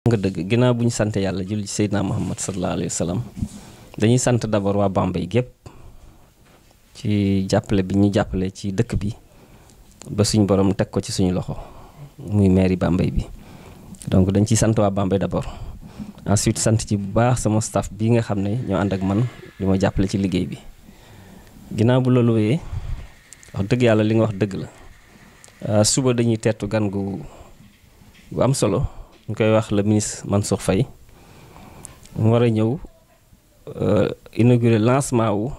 nga dëgg ginaaw bu ñu sant yàlla julli ci Seydina Muhammad sallallahu alayhi wa dañuy sant d'abord waa Bambey gépp ci jàppale bi ñu jàppale ci dëkk bi ba suñu boroom teg ko ci suñu loxo muy mairie Bambey bi donc dañ ciy sant waa Bambey d'abord ensuite sant ci bu baax sama staff bi nga xam ne ñoo ànd ak man li ma jàppale ci liggéey bi ginnaaw bu loolu wéyee wax dëgg yàlla li nga wax dëgg la euh, suba dañuy teetu gan gu gu am solo ñu koy wax le man Mansour fay mu war a ñëw euh, inaugurer lancement wu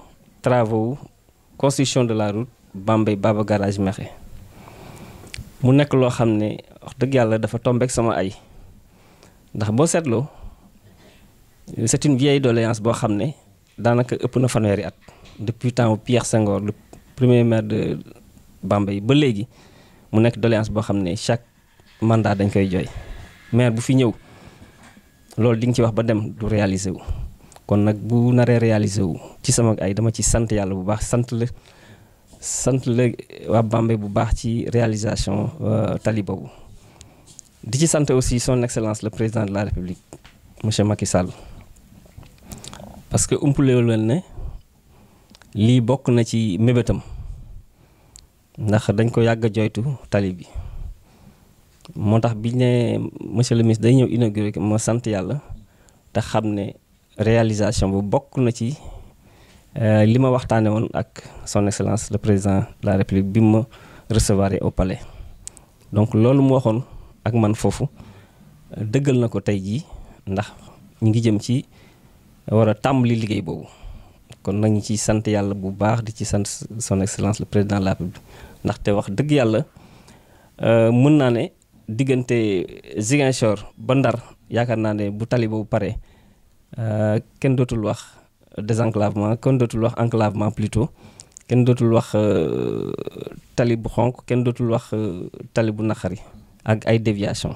travaux construction de la route Bambey Baba Garage Mekhe mu nekk loo xam ne wax dëgg yàlla dafa tombeek sama ay ndax boo seetloo c'est une vieille doléance boo xam ne daanaka ëpp na fanweeri at depuis temps Pierre Senghor le premier maire de Bambey ba léegi mu nekk doléance boo xam ne chaque mandat dañ koy jooy maire bu fi ñëw loolu di nga ci wax ba dem du réaliser wu kon nag bu naree réaliser wu ci sama ay dama ci sant yàlla bu baax sant la sant la waa bu baax ci réalisation euh, tali boobu di ci sant aussi son excellence le président de la république monsieur Macky Sall parce que umpulewul leen ne lii bokk na ci mébétam ndax dañ ko yàgg a joytu tali bi moo tax bi ne monsieur le ministre day ñëw inauguré ma sant yàlla te xam ne réalisation bu bokk na ci euh, li ma waxtaane woon ak son excellence le président la république bi ma recevoir au palais donc loolu mu waxoon ak man foofu dëggal na ko tey jii ndax ñu ngi jëm ci war a tàmbali liggéey boobu kon nag nañu ci sant yàlla bu baax di ci sant son excellence le président de la république ndaxte wax dëgg yàlla euh, mën naa ne diggante Ziguinchor ba Ndar yaakaar naa ne bu tali bu pare euh, kenn dootul wax désenclavement kenn dootul wax enclavement plutôt kenn dootul wax euh, tali bu xonk kenn dootul wax euh, tali bu naqari ak ay déviation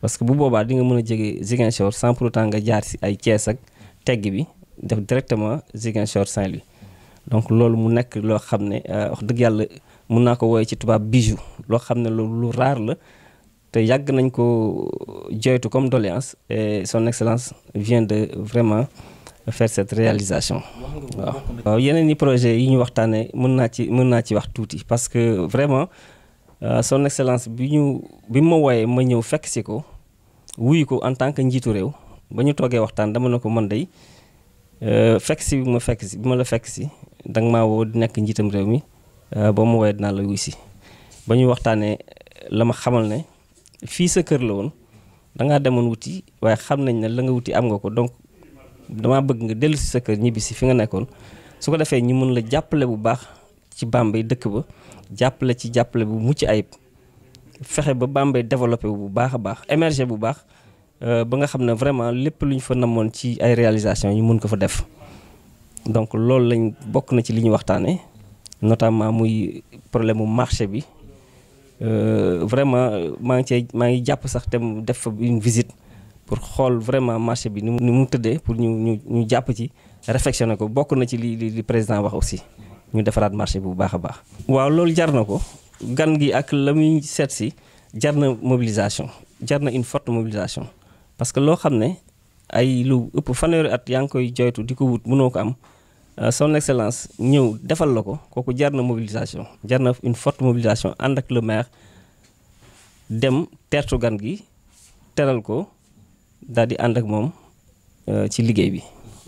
parce que bu boobaa di nga mën a jege Ziguinchor sans pour autant nga jaar si ay Thiès ak tegg bi def directement Ziguinchor Saint-Louis donc loolu mu nekk loo xam ne wax dëgg yàlla mun naa ko woowee ci tubaab bijou loo xam ne loolu lu raar la yàgg nañ ko joytu comme doléance et son excellence vient de vraiment faire cette réalisation waaw yeneen i projet yi ñu waxtaanee mën naa ci mën naa ci wax tuuti parce que vraiment euh, son excellence bi ñu bi ma wooyee ma ñëw fekk si ko wuyu ko en tant que njiitu réew ba ñu toogee waxtaan dama ne ko man day euh, fekk si bi ma fekk si bi ma la fekk si danga maa woo di nekk njiitam réew mi euh, ba ma wooyee dinaa la wuy si ba ñu waxtaanee la ma xamal ne fii sa kër la woon da ngaa demoon wuti waaye xam nañ ne la nga wuti am nga ko donc damaa bëgg nga dellu si sa kër ñibbisi fi nga nekkoon su ko defee ñu mën la jàppale bu baax ci Bambey dëkk ba jàppale ci jàppale bu mucc ayib fexe ba Bambey développé bu baax a baax émergé bu baax euh, ba nga xam ne vraiment lépp lu ñu fa namoon ci ay réalisation ñu mën ko fa def donc loolu lañ bokk na ci li ñu waxtaanee notamment muy problème mu marché bi. Euh, vraiment maa ngi cee maa ngi jàpp sax te mu def fa une visite pour xool vraiment marché bi ni mu ni mu tëddee pour ñu ñu ñu jàpp ci réflexionné ko bokk na ci li li président wax aussi ñu defaraat marché bu baax a baax. waaw loolu jar na ko gan gi ak la muy seet si jar na mobilisation jar na une forte mobilisation parce que loo xam ne ay lu ëpp fanweeri at yaa ngi koy joytu di ko wut mënoo ko am. Euh, son excellence ñëw defal la ko kooku jar na mobilisation jar na une forte mobilisation ànd ak le dem tertu gan gi teral ko daal di ànd ak moom euh, ci liggéey bi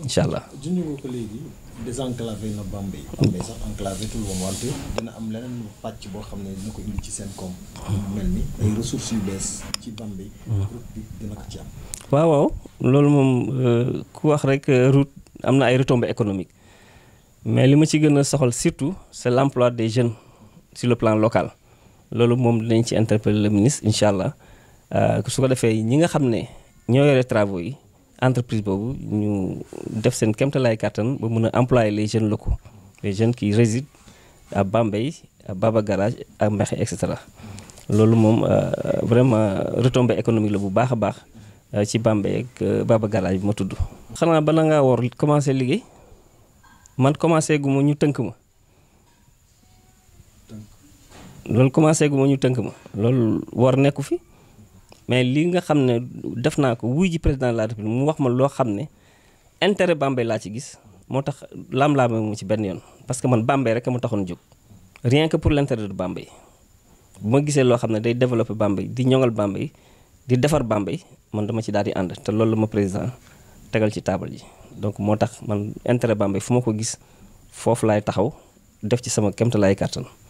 incha allah. junj nga ko léegi désenclavé na mm. dina am leneen pàcc boo xam ne dina ko indi ci seen koom. mel ni ay ressources yu bees ci Bambey. Mm. route bi dina ko ci am. waaw loolu moom euh, ku wax rek route am na ay retombées économique mais li ma ci gën a soxal surtout c' est l' emploi des jeunes si le plan local loolu moom dinañ ci interpeller le ministre incha allah euh, su ko defee ñi nga xam ne ñoo yore travaux yi entreprise boobu ñu def seen kéemtalaay kàttan ba mën a employer les jeunes locaux les jeunes qui réside à Bambey à Baba Garage à Mbexe et cetera loolu moom euh, vraiment retombée économique la bu baax a baax euh, ci Bambey ak Baba Garage bi ma tudd. xanaa bala ngaa woor commencé liggéey. man commencé gu ma ñu tënk ma. loolu commencé gu ma ñu tënk ma loolu war nekku fi mais li nga xam ne def naa ko wuy ji président de la république mu wax ma loo xam ne intérêt Bambey laa ci gis moo tax laam-laame mu ci benn yoon parce que man Bambey rek ma taxoon jóg rien que pour l'intérêt de Bambey bu ma gisee loo xam ne day développer Bambey di ñoŋal Bambey di defar Bambey man dama ci daal di ànd te loolu ma président tegal ci taabal ji donc moo tax man intérêt Bambey fu ma ko gis foofu laay taxaw def ci sama kéemtalaay kàttan